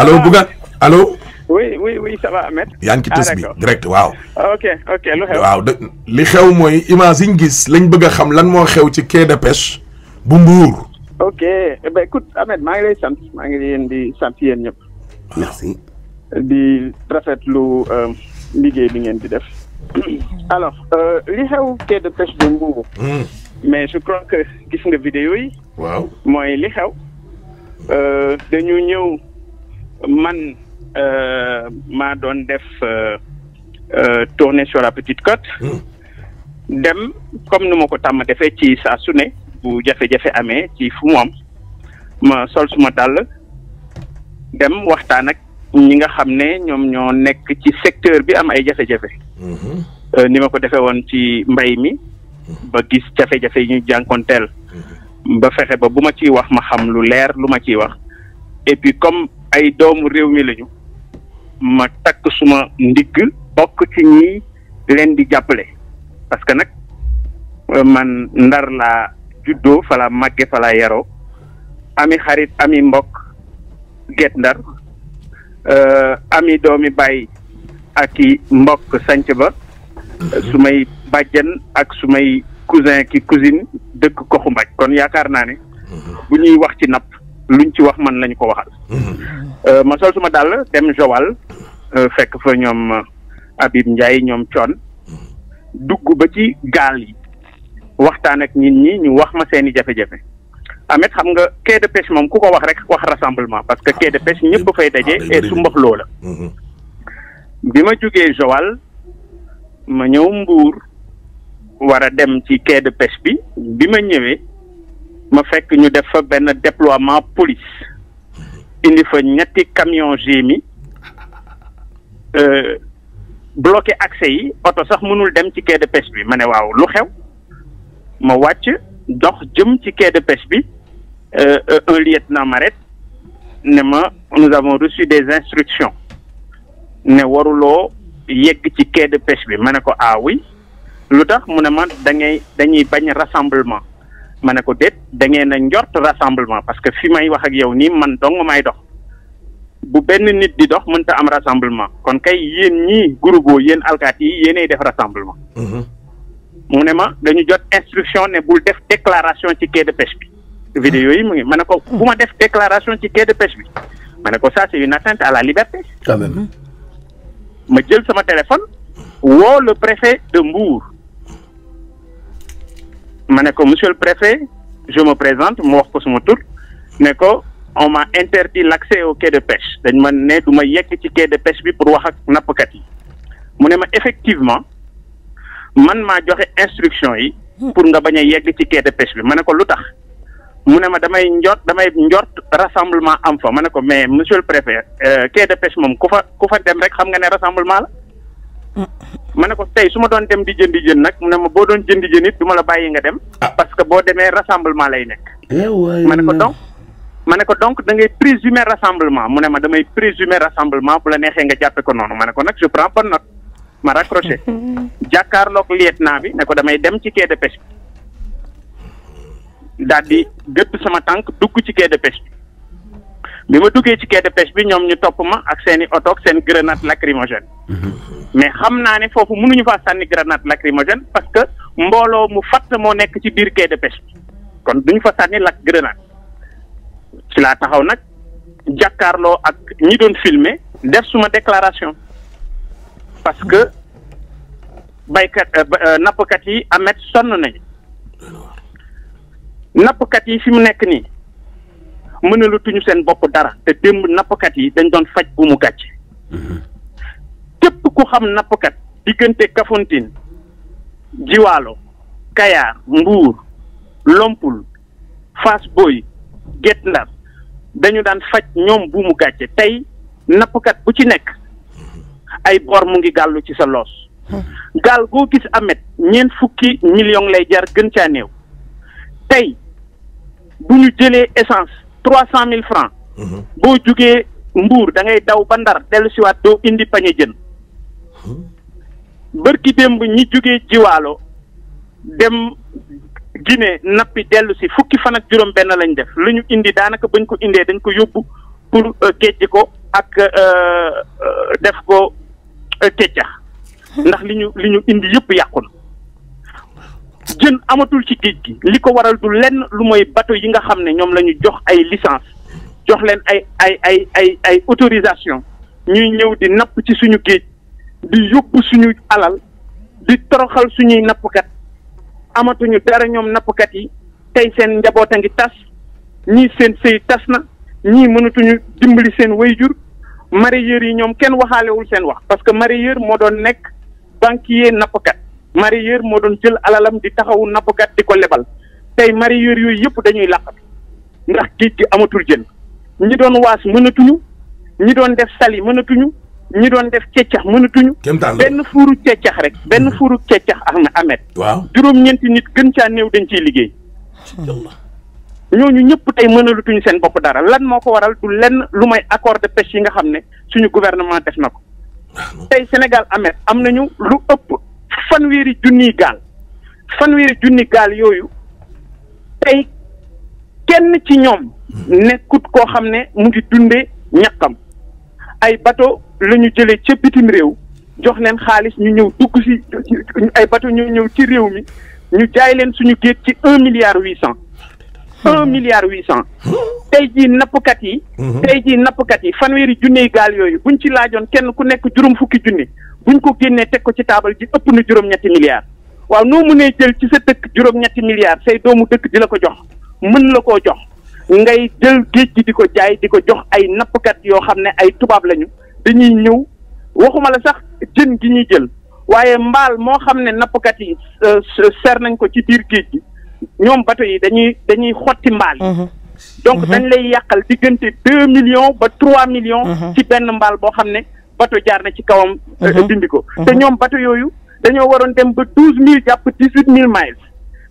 allo ah. Bouga alo oui oui oui ça Ahmed. yaa ngi ci ah, tës bi direct waaw. ok ok lu xew. waaw li xew mooy image yi ñu gis lañ bëgg a xam lan moo xew ci quai de bu Mbour. ok eh bien écoute Ahmed maa ngi lay sant maa ngi leen di sant yéen ñëpp. merci. di rafetlu euh, liggéey bi ngeen di def. alors euh, li xew quai de bu Mbour. Hmm. mais je crois que gis nga vidéo yi. waaw mooy li xew. Euh, dañu ñëw. man euh, maa doon def euh, euh, tournée sur la petite côte. Hmm. dem comme nu ma ko tàmm defee ci saa su bu jafe-jafe amee ci fu mu am ma sol suma dàll dem waxtaan ak ñi nga xam ne ñoom ñoo nekk ci secteur bi am ay jafe-jafe. Hmm. ni ma ko defee woon ci mbay mi. Hmm. ba gis jafe-jafe yi ñu jànkonteel. ba fexe ba bu ma ciy wax ma xam lu leer lu ma ciy wax et puis comme ay doomu réew mi lañu ma takk suma ndigg bokk ci ñi leen di jàppale parce que nag euh, man ndar la juddoo fa la fala fa yaroo ami xarit ami mbokk Guet Ndar euh, ami doomi bàyyi ak mbokk sanc ba su may bàjjan ak su may cousin ki cousine dëkk koxu mbaj kon yaakaar naa ne mhm. bu ñuy wax ci napp luñ ci wax man lañu ko waxal. Mhm. Euh, ma sol suma dàll dem Joal euh, fekk fa ñoom euh, Habib Ndiaye ñoom Thion mhm. dugg ba ci gaal yi waxtaan ak nit ñi ñu wax ma seeni jafe-jafe. Amet xam nga quai de moom ku ko wax rek wax rassemblement parce que quai de pêche ah, ñëpp fay daje ah, et su mbox loola. Mhm. bi ma jógee Joal ma ñëw Mbour war a dem ci quai de bi bi ma ñëwee. ma fekk ñu def fa benn déploiement police indi fa ñetti camion GMI euh, bloqué accès yi oto sax mënul dem ci quai de pêche bi ma ne waaw lu xew ma wàcc dox jëm ci quai de pêche bi euh, un lieutenant m'arrête ne ma nous avons reçu des instructions ne waruloo yegg ci quai de pêche bi ma ne ko ah oui lu tax mu ne ma dangay dañuy bañ rassemblement ma ne ko déet da ngeen a njort rassemblement parce que fi may wax ak yow nii man dong may dox bu benn nit di dox mënta am rassemblement kon kay yéen ñii groupe yéen alkaat yi yéenay def rassemblement. Mhm. mu ne ma dañu jot instruction ne bul def déclaration ci quai de pêche bi. vidéo yi mu ma ne ko bu ma def déclaration ci quai de pêche bi ma ne ko ça c'est une atteinte à la liberté. ma jël sama téléphone woo le préfet de Mbour. ma ne ko monsieur le préfet je me présente mu wax ko suma tout ne ko on m'a interdit l'accès au quai de pêche dañ ma ne du ma yegg ci quai de pêche bi pour wax ak kat yi mu ne ma effectivement man maa joxe instruction yi pour nga bañ a yegg ci quai de pêche bi ma ne ko lu tax mune ma damay njort damay njort rassemblement am fa ma ne ko mais monsieur le préfet euh, quai de pêche moom ku fa ku fa dem rek xam nga ne rassemblement la ma ne ko tey su ma doon dem di jëndi jën nag mu ne ma boo doon jëndi jën it du ma la bàyyi nga dem. Ah. parce que boo demee rassemblement lay nekk. Eh ma ne ko donc ma ne ko donc da ngay présumer rassemblement mu ne ma damay présumer rassemblement bu la neexee nga jàppe ko noonu ma ne ko nag je prends bonne note ma raccroché. jàkkaarloog lieutenant bi ne ko damay dem ci quai de bi daal di gëpp sama tànk dugg ci quai de bi. bi ma duggee ci quai de pêche bi ñoom ñu topp ma ak seeni i oto ak seen grenade lacrymogène mais xam naa ne foofu munuñu faa sànni grenade lacrymogène parce que mbooloo mu fat moo nekk ci biir quai de pêche bi kon duñu fa sànni lak grenade ci laa taxaw nag jàkkaarloo ak ñi doon filmer def suma déclaration parce que baykat euh, euh, nappkat yi amet sonn nañu nappkat yi fi mu nekk nii mënalatuñu seen bopp dara te démb nappkat yi dañ doon faj bu mu gàcc mhm. képp ku xam nappkat diggante Kafountine Jiwaalo Kayaar Mbuur Lompul Fass Boy Guet Ndar dañu daan faj ñoom bu mu gàcce tey nappkat bu ci nekk ay bor mu ngi gàllu ci sa loos gaal goo gis amet ñeent fukki million lay jar gën caa néew tey bu ñu jëlee essence trois cent mille francs mhm. boo jugee mbuur da ngay daw ba ndar dellu siwaat doo indi pañe jën mhm. bërki démb ñi jugee jiwaalo dem Guinée nappi dellu si fukki fan ak juróom benn lañ def li ñu indi daanaka bañ ko indee dañ ko yóbbu pour géej euh, ko ak euh, euh, def ko keccax ndax li ñu li ñu indi yëpp yàqu na jën amatul ci géej gi li ko waral du lenn lu mooy bateau yi nga xam ne ñoom la ñu jox ay licence jox leen ay ay ay ay ay autorisation ñuy ñëw di napp ci suñu géej di yóbbu suñu alal di toroxal suñuy nappkat amatuñu dara ñoom nappkat yi tey seen njaboot a ngi tas ñii seen sëy tas na ñii mënatuñu dimbali seen wayjur mareyeur yi ñoom kenn waxaalewul seen wax parce que mareyeur moo doon nekk banquier nappkat mareyeur moo doon jël alalam di taxawu nappkat di ko lebal tey mareyeur yooyu yëpp dañuy làqatu ndax géej gi amatul jën ñi doon waas mënatuñu ñi doon def sali mënatuñu ñi doon def ceccax mënatuñu benn fuuru ceccax rek mm-hmm. benn fuuru ceccax am amet waaw juróom-ñeenti nit gën caa néew dañ ciy liggéey ñooñu ñëpp tey mënalutuñu seen bopp dara lan moo ko waral du lenn lu may accord de yi nga xam ne suñu gouvernement def na ko tey Sénégal amet am nañu lu ëpp fanweeri junniy gaal fanweeri junni gaal yooyu tey kenn ci ñoom nekkut koo xam ne mu ngi dundee ñaqam ay bato lañu ñu jëlee ca bitim réew jox leen xaalis ñu ñëw dugg si ay bateau ñu ñëw ci réew mi ñu jaay leen suñu géej ci un milliard huit cent un milliard huit cent tey jii nappkat yi mhm. tey jii nappkat yi fanweeri junniy gaal yooyu buñ ci laajoon kenn ku nekk juróom fukki junni buñ ko génnee teg ko ci taabal ji ëpp na juróom-ñetti milliards waaw noo mënee jël ci sa dëkk juróom-ñetti milliards say doomu dëkk di la ko jox mën la koo jox ngay jël géej gi di ko jaay di ko jox ay nappkat yoo xam ne ay tubaab lañu dañuy ñëw waxuma la sax jën gi ñuy jël waaye mbaal moo xam ne nappkat yi euh, ser nañ ko ci biir géej gi ñoom bato yi dañuy dañuy xotti mbaal yi mhm. donc dañ lay yàqal diggante deux million ba trois million mhm. ci benn mbaal boo xam ne bato jaar na ci kawam. Euh, uh-huh. dindi ko uh-huh. te ñoom bato yooyu dañoo waroon dem ba douze mille jàpp dix huit mille miles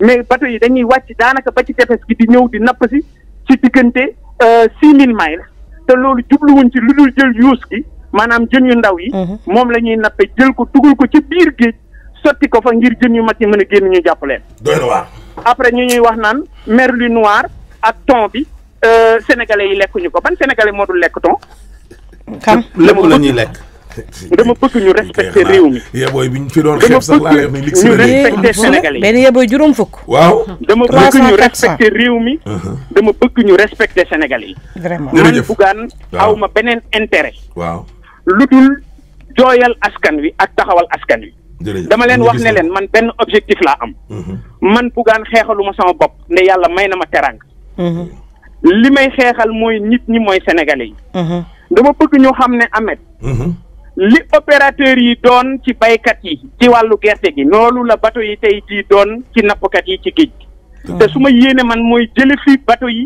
mais bato yi dañuy wàcc daanaka ba ci tefes gi di ñëw di napp si ci diggante euh, six mille miles te loolu jubluwuñ ci lu dul jël yuus gi maanaam jën yu ndaw yi. Uh-huh. moom la ñuy nappe jël ko dugal ko ci biir géej sotti ko fa ngir jën yu mag yi mën a génn ñu jàpp leen. doy après ñu ñuy wax naan merlu noir ak ton bi euh, sénégalais yi lekkuñu ko ban sénégalais moo dul xam lépp la ñuy lekk. dama bëgg ñu respecté réew mi. bi ñu fi doon xeeb sax laa ne lig ñu respecté sénégalais benn yebooy juróom fukk. waaw dama bëgg ñu respecté réew mi. Uh-huh. dama bëgg ñu respecté sénégalais. vraiment man Bougane aw ma beneen intéret waaw lu dul jooyal askan wi ak taxawal askan wi. dama leen wax ne leen man benn objectif laa am. Uh-huh. man Bougane xeexaluma sama bopp ne yàlla may na ma teraanga. Uh-huh. li may xeexal mooy nit ñi mooy sénégalais yi. dama bëgg ñu xam ne Ahmed. Mhm. li opérateur yi doon ci baykat yi ci wàllu gerte gi loolu la bato yi tey di doon ci nappkat yi ci géej mhm. te su ma yéene man mooy jële fi bato yi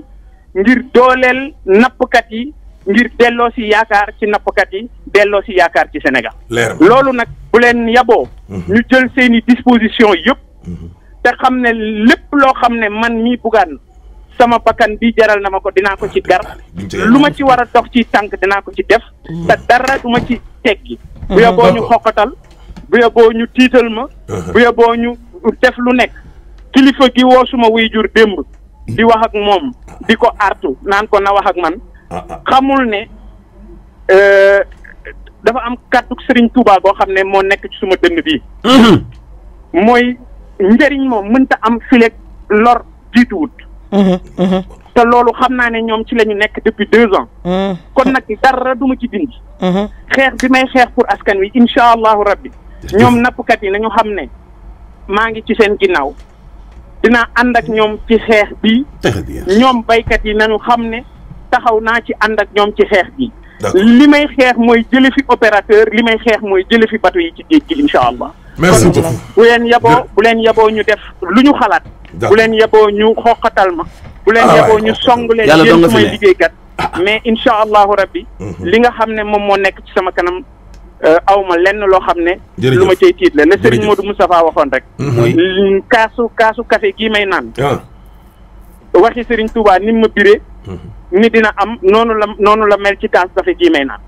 ngir dooleel nappkat yi ngir delloo si yaakaar ci nappkat yi delloo si yaakaar ci Sénégal loolu nag bu leen yaboo mhm. ñu jël seeni disposition yëpp te xam ne lépp loo xam ne man mii bugaan sama bakkan bi jaral na ma ko dinaa ko ci gar ah, lu ma ci war a dox ci tànk dinaa ko ci def te dara du ma ci teggi mm-hmm. bu yoboo ñu xoqatal bu yoboo ñu tiital ma uh-huh. bu yoboo ñu def lu nekk kilifa gi woo suma wuy jur démb di wax ak moom di ko artu naan ko na wax ak man ah, ah. xamul ne euh, dafa am kàddu sëriñ Touba goo xam ne moo nekk ci suma dënn bii mm-hmm. mooy njëriñ moom mënta am fileeg lor jiituwut te loolu xam naa ne ñoom ci lañu nekk depuis deux ans. kon nag dara du ci dindi. xeex bi may xeex pour askan wi incha allahu rabbi ñoom nappkat yi nañu xam ne maa ngi ci seen ginnaaw dinaa ànd ak ñoom ci xeex bi. ñoom baykat yi nañu xam ne taxaw naa ci ànd ak ñoom ci xeex bi. li may xeex mooy jële fi opérateur li may xeex mooy jële fi bateau yi ci géej gi incha allah. merci beaucoup bu leen yaboo bu leen yaboo ñu def lu ñu xalaat. bu leen yeboo ñu xoqatal ma. bu leen ah, yeboo ñu song leen yéen su may liggéeykat. Ah, ah. mais incha allahu rabbi mhm. li nga xam ne moom moo nekk ci sama kanam euh, aw lenn loo xam ne. lu ma cay tiit la la Serigne Modou Moustapha waxoon rek. Mhm. Mm, kaasu kaasu café gii may naan. waxi sëriñ Touba ni ma biree. Mhm. ni dina am noonu la noonu la mel ci kaasu café gii may naan.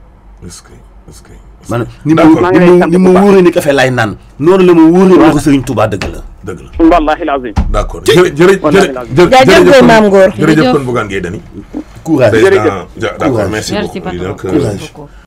maanaam ni ma ni ma wóoree ni café laay naan noonu la ma wóoree ni ko Serigne Touba dëgg la. dëgg la wallaahi lazim. d' accord jërëjëf jërëjëf jaajëf maam Ngor jërëjëf kon Bougane Gueye Dany. courage président d' accord merci beaucoup donc. Euh,